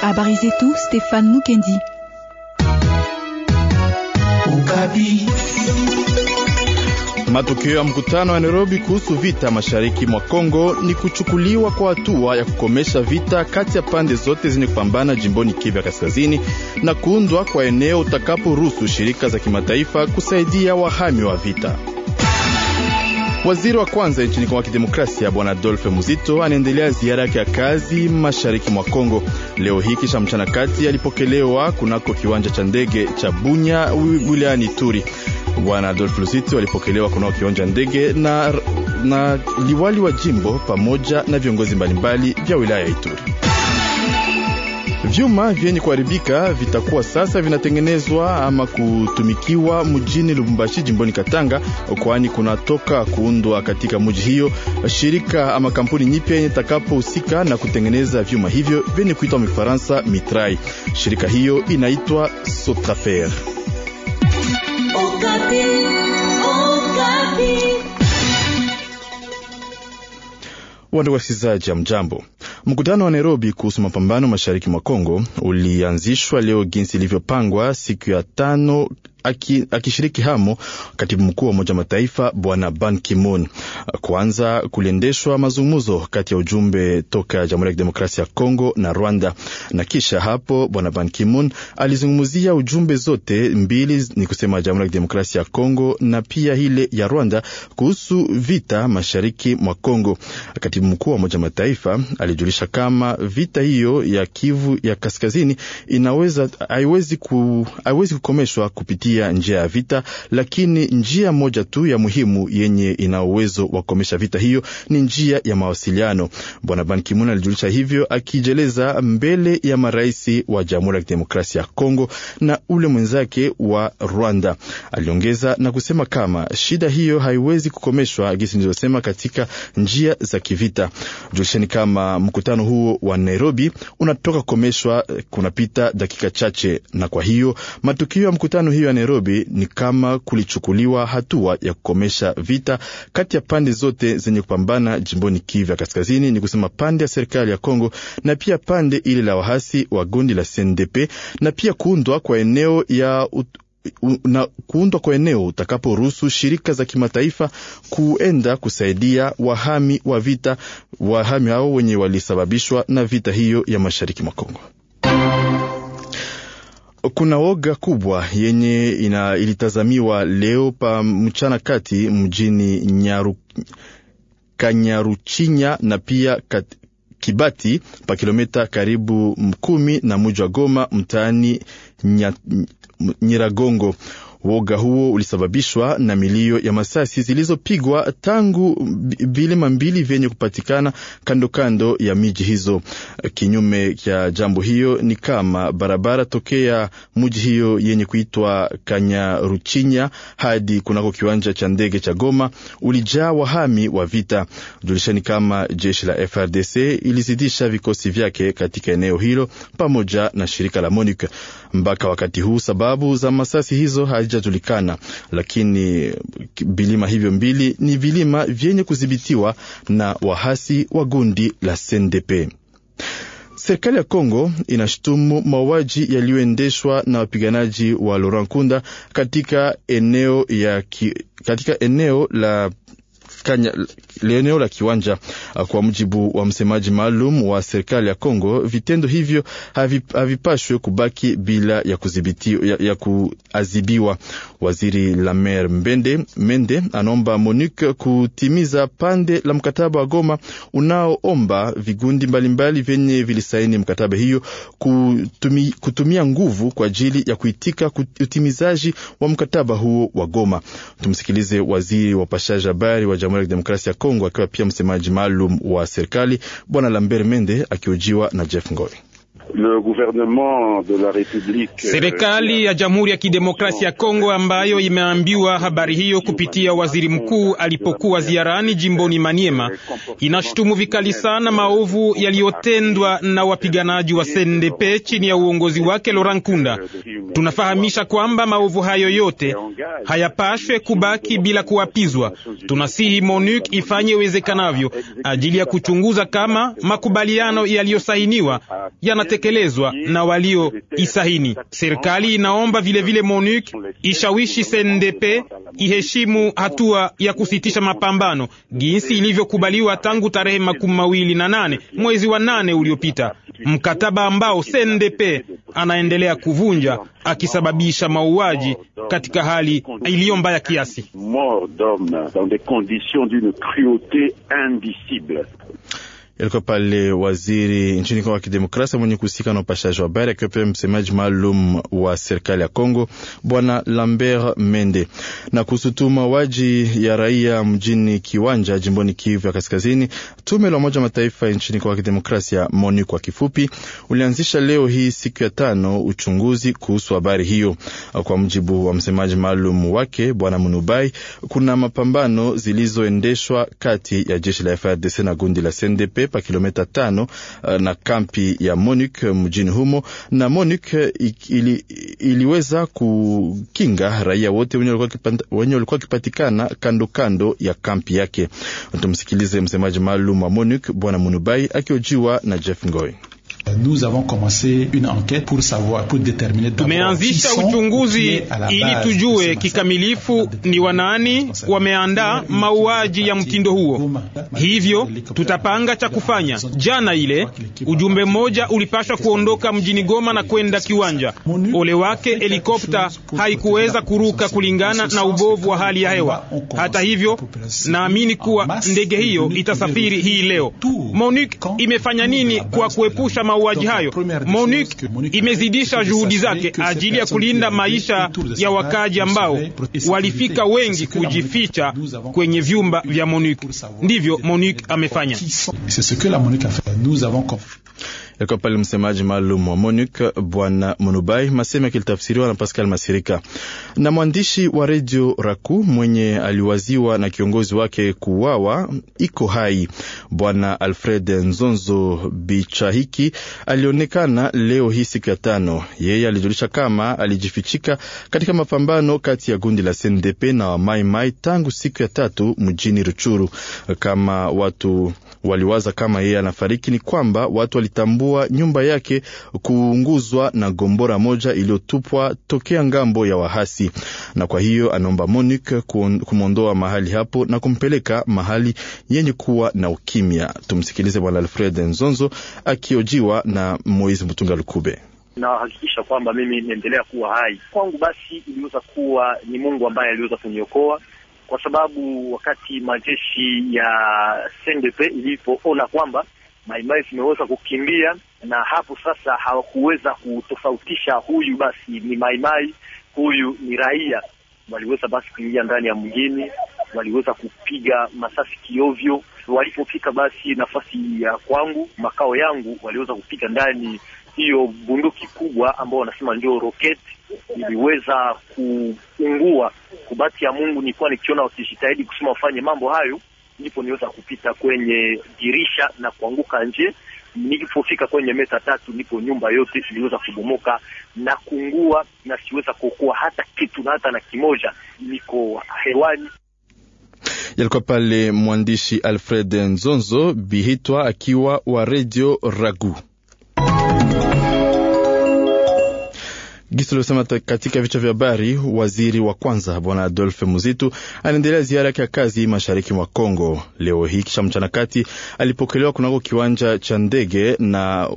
Habari zetu Stefan Mukendi. Okapi. Matokeo ya mkutano wa Nairobi kuhusu vita mashariki mwa Kongo ni kuchukuliwa kwa hatua ya kukomesha vita kati ya pande zote zenye kupambana jimboni Kivu ya Kaskazini na kuundwa kwa eneo utakaporuhusu shirika za kimataifa kusaidia wahami wa vita. Waziri wa kwanza nchini Kongo ya Kidemokrasia Bwana adolfe Muzito anaendelea ziara yake ya kazi mashariki mwa Kongo. Leo hii kisha mchana kati alipokelewa kunako kiwanja cha ndege cha Bunya wilayani Turi. Bwana adolfe Muzito alipokelewa kunako kiwanja ndege na, na liwali wa jimbo pamoja na viongozi mbalimbali vya wilaya ya Ituri. Vyuma vyenye kuharibika vitakuwa sasa vinatengenezwa ama kutumikiwa mjini Lubumbashi jimboni Katanga, kwani kunatoka kuundwa katika mji hiyo shirika ama kampuni nyipya yenye takapohusika na kutengeneza vyuma hivyo vyenye kuitwa mifaransa Mitrai. Shirika hiyo inaitwa Sotrafer. Wandugu wasikilizaji, mjambo. Mkutano wa Nairobi kuhusu mapambano mashariki mwa Kongo ulianzishwa leo jinsi ilivyopangwa siku ya tano Aki, akishiriki hamo katibu mkuu wa Umoja Mataifa Bwana Ban Ki-moon. Kwanza kuliendeshwa mazungumzo kati ya ujumbe toka Jamhuri ya Kidemokrasia ya Kongo na Rwanda, na kisha hapo Bwana Ban Ki-moon alizungumzia ujumbe zote mbili, ni kusema Jamhuri ya Kidemokrasia ya Kongo na pia ile ya Rwanda kuhusu vita mashariki mwa Kongo. Katibu mkuu wa Umoja Mataifa alijulisha kujulisha kama vita hiyo ya Kivu ya kaskazini inaweza haiwezi ku, haiwezi kukomeshwa kupitia njia ya vita, lakini njia moja tu ya muhimu yenye ina uwezo wa kukomesha vita hiyo ni njia ya mawasiliano. Bwana Ban Ki-moon alijulisha hivyo akijeleza mbele ya maraisi wa Jamhuri ya Kidemokrasia ya Kongo na ule mwenzake wa Rwanda. Aliongeza na kusema kama shida hiyo haiwezi kukomeshwa gisi nilizosema katika njia za kivita. Julisheni kama mkutano mkutano huo wa Nairobi unatoka komeshwa eh, kunapita dakika chache, na kwa hiyo matukio ya mkutano hiyo ya Nairobi ni kama kulichukuliwa hatua ya kukomesha vita kati ya pande zote zenye kupambana jimboni Kivu ya Kaskazini, ni kusema pande ya serikali ya Kongo na pia pande ile la wahasi wa gundi la CNDP na pia kuundwa kwa eneo ya na kuundwa kwa eneo utakaporuhusu shirika za kimataifa kuenda kusaidia wahami wa vita, wahami hao wenye walisababishwa na vita hiyo ya mashariki mwa Kongo. Kuna woga kubwa yenye ina ilitazamiwa leo pa mchana kati mjini Nyaru, Kanyaruchinya na pia kati, Kibati pa kilomita karibu kumi na muji wa Goma mtaani Nyiragongo. Woga huo ulisababishwa na milio ya masasi zilizopigwa tangu vilima mbili vyenye kupatikana kando kando ya miji hizo. Kinyume cha jambo hiyo ni kama barabara tokea mji hiyo yenye kuitwa Kanyaruchinya hadi kunako kiwanja cha ndege cha Goma ulijaa wahami wa vita. Julishani kama jeshi la FRDC ilizidisha vikosi vyake katika eneo hilo pamoja na shirika la MONUC mpaka wakati huu, sababu za masasi hizo haji havijajulikana, lakini vilima hivyo mbili ni vilima vyenye kudhibitiwa na wahasi wa gundi la CNDP. Serikali ya Kongo inashutumu mauaji yaliyoendeshwa na wapiganaji wa Laurent kunda katika eneo ya ki, katika eneo la Kanya, eneo la kiwanja. Ah, kwa mujibu wa msemaji maalum wa serikali ya Kongo, vitendo hivyo havipashwe kubaki bila ya kudhibiti ya, ya kuadhibiwa. Waziri Mer Mbende Mende anaomba MONUC kutimiza pande la mkataba wa Goma unaoomba vigundi mbalimbali vyenye vilisaini mkataba hiyo kutumi, kutumia nguvu kwa ajili ya kuitika utimizaji wa mkataba huo wa Goma. Tumsikilize waziri wa pashaji habari wa Jamhuri ya Kidemokrasia ya Kongo Walungu akiwa pia msemaji maalum wa serikali, bwana Lambert Mende akiojiwa na Jeff Ngoi. Le gouvernement de la euh, serikali ya Jamhuri ya Kidemokrasia ya Kongo ambayo imeambiwa habari hiyo kupitia waziri mkuu alipokuwa ziarani jimboni Maniema, inashutumu vikali sana maovu yaliyotendwa na wapiganaji wa CNDP chini ya uongozi wake Laurent Nkunda. Tunafahamisha kwamba maovu hayo yote hayapashwe kubaki bila kuapizwa. Tunasihi MONUC ifanye iwezekanavyo ajili ya kuchunguza kama makubaliano yaliyosainiwa yana kutekelezwa na walio isahini. Serikali inaomba vilevile MONUC ishawishi CNDP iheshimu hatua ya kusitisha mapambano jinsi ilivyokubaliwa tangu tarehe makumi mawili na nane mwezi wa nane uliopita, mkataba ambao CNDP anaendelea kuvunja akisababisha mauaji katika hali iliyo mbaya kiasi yalikuwa pale waziri nchini Kongo wa Kidemokrasia mwenye kuhusika na upashaji wa habari, akiwa pia msemaji maalum wa serikali ya Kongo Bwana Lambert Mende. Na kuhusu tu mauaji ya raia mjini Kiwanja jimboni Kivu ya Kaskazini, tume la Umoja Mataifa nchini Kongo wa Kidemokrasia MONUC kwa kifupi, ulianzisha leo hii siku ya tano uchunguzi kuhusu habari hiyo. Kwa mjibu wa msemaji maalum wake Bwana Munubai, kuna mapambano zilizoendeshwa kati ya jeshi la FARDC na gundi la CNDP Lepe pa kilomita tano eh, na kampi ya monik eh, mjini humo, na monik eh, ili, iliweza kukinga raia wote wenye walikuwa wakipatikana kando kando ya kampi yake. Tumsikilize msemaji maalum wa monik Bwana Munubai akiojiwa na Jeff Ngoi. Nous avons commencé une enquête pour savoir, pour déterminer tumeanzisha uchunguzi ili tujue kikamilifu ni wanani wameandaa mauaji ya mtindo huo, hivyo tutapanga cha kufanya. Jana ile ujumbe mmoja ulipashwa kuondoka mjini Goma na kwenda kiwanja. Ole wake helikopta haikuweza kuruka kulingana na ubovu wa hali ya hewa. Hata hivyo, naamini kuwa ndege hiyo itasafiri hii leo. MONUC imefanya nini kwa kuepusha mauaji hayo. MONUC imezidisha juhudi zake ajili ya kulinda maisha ya wakaaji ambao walifika wengi kujificha kwenye vyumba vya MONUC. Ndivyo MONUC amefanya yako pale msemaji maalum wa MONUC Bwana Munubai maseme akilitafsiriwa na Pascal Masirika na mwandishi wa redio Raku mwenye aliwaziwa na kiongozi wake kuuawa iko hai. Bwana Alfred Nzonzo Bichahiki alionekana leo hii siku ya tano. Yeye alijulisha kama alijifichika katika mapambano kati ya gundi la CNDP na Wamaimai tangu siku ya tatu mjini Ruchuru kama watu Waliwaza kama yeye anafariki ni kwamba watu walitambua nyumba yake kuunguzwa na gombora moja iliyotupwa tokea ngambo ya wahasi, na kwa hiyo anaomba monic kumwondoa mahali hapo na kumpeleka mahali yenye kuwa na ukimya. Tumsikilize Bwana Alfred Nzonzo akiojiwa na Moise Mutunga Lukube. Nawahakikisha kwamba mimi niendelea kuwa hai kwangu, basi iliweza kuwa ni Mungu ambaye aliweza kuniokoa kwa sababu wakati majeshi ya CNDP ilipoona kwamba maimai zimeweza kukimbia na hapo sasa hawakuweza kutofautisha huyu basi ni maimai, huyu ni raia, waliweza basi kuingia ndani ya mjini, waliweza kupiga masasi kiovyo. Walipofika basi nafasi ya kwangu makao yangu, waliweza kupiga ndani hiyo bunduki kubwa ambao wanasema ndio roketi iliweza kuungua. Kubati ya Mungu nilikuwa nikiona wakijitahidi kusema wafanye mambo hayo, ndipo niweza kupita kwenye dirisha na kuanguka nje. Nilipofika kwenye meta tatu, ndipo nyumba yote iliweza kubomoka na kuungua, na siweza kuokoa hata kitu na hata na kimoja, niko hewani. Yalikuwa pale mwandishi Alfred Nzonzo Bihitwa akiwa wa Radio Ragu. Gisi lilosema katika vichwa vya habari. Waziri wa kwanza Bwana adolfe Muzitu anaendelea ziara yake ya kazi mashariki mwa Kongo. Leo hii kisha mchana kati alipokelewa kunako kiwanja cha ndege na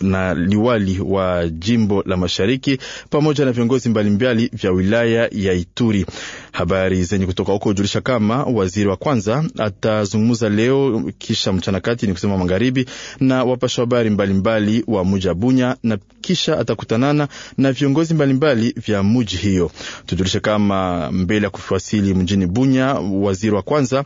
na liwali wa jimbo la mashariki pamoja na viongozi mbalimbali vya wilaya ya Ituri. Habari zenye kutoka huko hujulisha kama waziri wa kwanza atazungumza leo kisha mchana kati, ni kusema magharibi, na wapasha habari mbalimbali wa muja Bunya, na kisha atakutanana na viongozi mbalimbali vya muji hiyo. Tujulishe kama mbele ya kuwasili mjini Bunya, waziri wa kwanza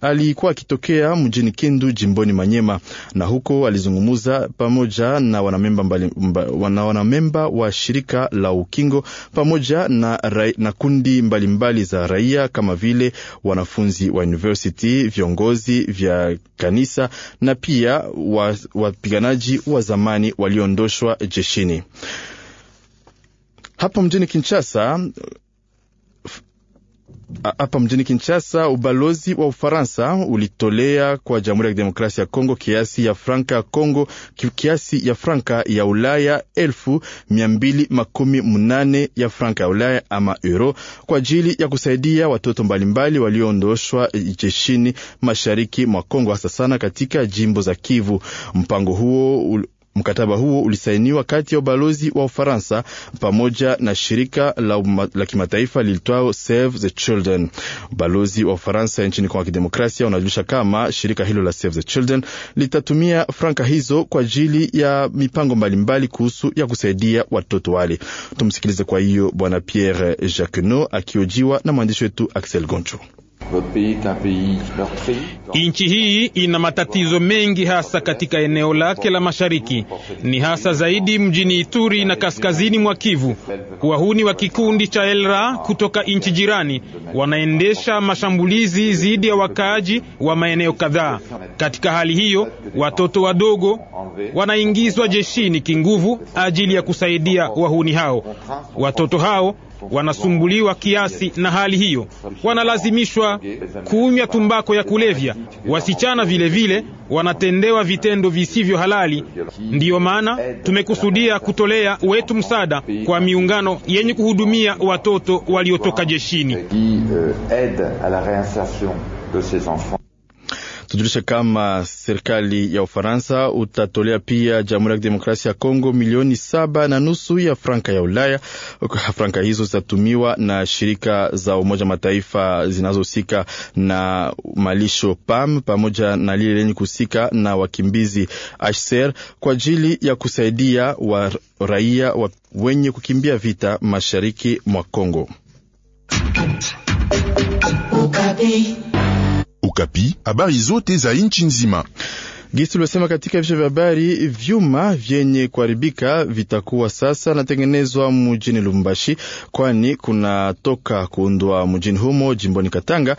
alikuwa akitokea mjini Kindu jimboni Manyema, na huko alizungumza pa pamoja na wanamemba, mbali, mba, wana wanamemba wa shirika la ukingo pamoja na, ra, na kundi mbalimbali mbali za raia kama vile wanafunzi wa university, viongozi vya kanisa na pia wapiganaji wa, wa zamani waliondoshwa jeshini hapo mjini Kinshasa hapa mjini Kinshasa, ubalozi wa Ufaransa ulitolea kwa Jamhuri ya Kidemokrasia ya Kongo kiasi ya franka ya Kongo, kiasi ya franka ya Ulaya elfu mia mbili makumi munane ya franka ya Ulaya ama euro kwa ajili ya kusaidia watoto mbalimbali walioondoshwa e, jeshini mashariki mwa Kongo, hasa sana katika jimbo za Kivu. Mpango huo Mkataba huo ulisainiwa kati ya ubalozi wa Ufaransa pamoja na shirika la, la kimataifa lilitwao Save the Children. Ubalozi wa Ufaransa nchini Kongo ya Kidemokrasia unajulisha kama shirika hilo la Save the Children litatumia franka hizo kwa ajili ya mipango mbalimbali kuhusu ya kusaidia watoto wale. Tumsikilize kwa hiyo Bwana Pierre Jacquenot akiojiwa na mwandishi wetu Axel Goncho. Nchi hii ina matatizo mengi, hasa katika eneo lake la mashariki, ni hasa zaidi mjini Ituri na kaskazini mwa Kivu. Wahuni wa kikundi cha Elra kutoka nchi jirani wanaendesha mashambulizi dhidi ya wakaaji wa maeneo kadhaa. Katika hali hiyo, watoto wadogo wanaingizwa jeshini kinguvu ajili ya kusaidia wahuni hao. Watoto hao wanasumbuliwa kiasi na hali hiyo, wanalazimishwa kuunywa tumbako ya kulevya. Wasichana vilevile vile, wanatendewa vitendo visivyo halali. Ndiyo maana tumekusudia kutolea wetu msaada kwa miungano yenye kuhudumia watoto waliotoka jeshini. Euh, tujulishe kama serikali ya Ufaransa utatolea pia Jamhuri ya Kidemokrasia ya Kongo milioni saba na nusu ya franka ya Ulaya. Franka hizo zitatumiwa na shirika za Umoja Mataifa zinazohusika na malisho PAM pamoja na lile lenye kuhusika na wakimbizi HCR kwa ajili ya kusaidia wa raia wa wenye kukimbia vita mashariki mwa Kongo. Okapi, habari zote za nchi nzima. Gisi lilosema katika vichwa vya habari, vyuma vyenye kuharibika vitakuwa sasa natengenezwa mjini Lubumbashi, kwani kunatoka kuundwa mjini humo jimboni Katanga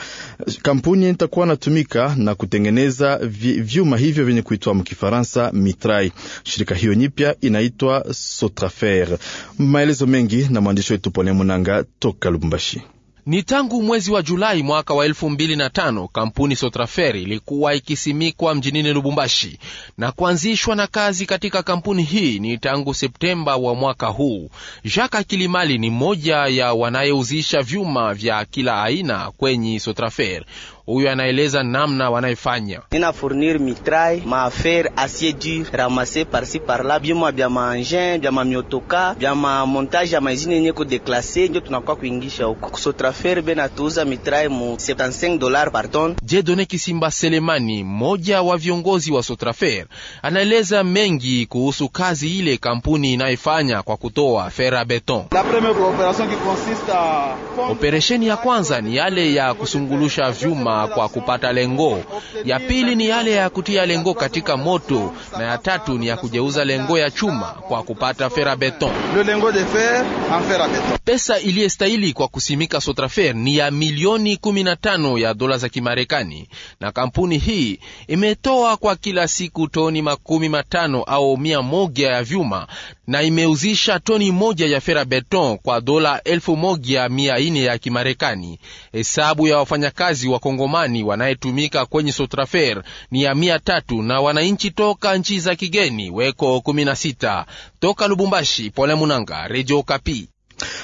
kampuni itakuwa natumika na kutengeneza vyuma hivyo vyenye kuitwa mkifaransa mitrai. Shirika hiyo nyipya inaitwa Sotrafer. Maelezo mengi na mwandishi wetu Pole Munanga toka Lubumbashi. Ni tangu mwezi wa Julai mwaka wa elfu mbili na tano kampuni Sotrafer ilikuwa ikisimikwa mjinini Lubumbashi, na kuanzishwa na kazi katika kampuni hii ni tangu Septemba wa mwaka huu. Jaka Kilimali ni moja ya wanayeuzisha vyuma vya kila aina kwenye Sotrafer. Huyu anaeleza namna wanayefanya nina fournir mitrai maafere acier dur ramase parsi parla byuma bya maengin bya mamiotoka bya mamontage ya maizini yenye kudeklase ndio tunakuwa kuingisha huko kusotrafer bena natuuza mitrai mu 75 dollars par ton. Jedone Kisimba Selemani, mmoja wa viongozi wa Sotrafer, anaeleza mengi kuhusu kazi ile kampuni inayofanya kwa kutoa fera beton. Operesheni ya kwanza ni yale ya kusungulusha vyuma kwa kupata lengo. Ya pili ni yale ya kutia lengo katika moto, na ya tatu ni ya kugeuza lengo ya chuma kwa kupata fera beton. Pesa iliyestahili kwa kusimika Sotrafer ni ya milioni 15 ya dola za Kimarekani, na kampuni hii imetoa kwa kila siku toni makumi matano au mia moja ya vyuma na imeuzisha toni moja ya fera beton kwa dola elfu moja mia nne ya Kimarekani. Hesabu ya wafanyakazi wa Kongomani wanayetumika kwenye Sotrafer ni ya mia tatu na wananchi toka nchi za kigeni weko kumi na sita. Toka Lubumbashi, Pole Munanga, Redio Kapi.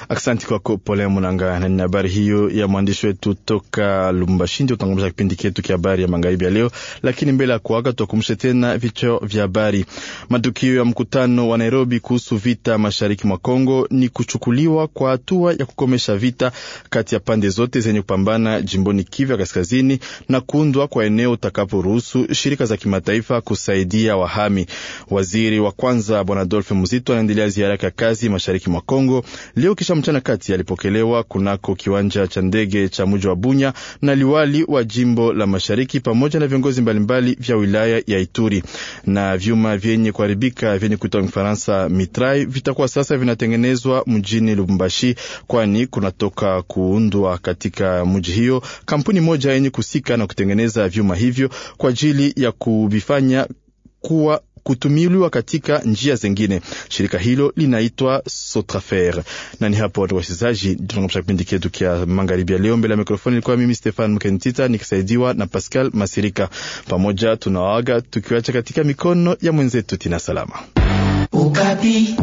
Asanti kwako Pole Munanga na habari hiyo ya mwandishi wetu toka Lubumbashi. Ndio tunakamilisha kipindi chetu kia habari ya magharibi ya leo, lakini mbele ya kuaga tutakumbusha tena vichwa vya habari. Matukio ya mkutano wa Nairobi kuhusu vita mashariki mwa Kongo ni kuchukuliwa kwa hatua ya kukomesha vita kati ya pande zote zenye kupambana jimboni Kivu ya kaskazini na kuundwa kwa eneo utakaporuhusu shirika za kimataifa kusaidia wahami. Waziri wa kwanza Bwana Adolphe Muzito anaendelea ziara ya kazi mashariki mwa Kongo leo Leo kisha mchana kati alipokelewa kunako kiwanja cha ndege cha mji wa Bunya na liwali wa jimbo la Mashariki pamoja na viongozi mbalimbali vya wilaya ya Ituri. Na vyuma vyenye kuharibika vyenye kuitwa Mfaransa mitrai vitakuwa sasa vinatengenezwa mjini Lubumbashi, kwani kunatoka kuundwa katika mji hiyo kampuni moja yenye kusika na kutengeneza vyuma hivyo kwa ajili ya kuvifanya kuwa kutumiliwa katika njia zingine. Shirika hilo linaitwa Sotrafer. Na ni hapo watu wasikilizaji, tunakomesha kipindi chetu cha magharibi ya leo. Mbele ya mikrofoni ilikuwa mimi Stefan Mkentita nikisaidiwa na Pascal Masirika. Pamoja tunawaaga tukiwacha katika mikono ya mwenzetu Tina Salama Ukapi.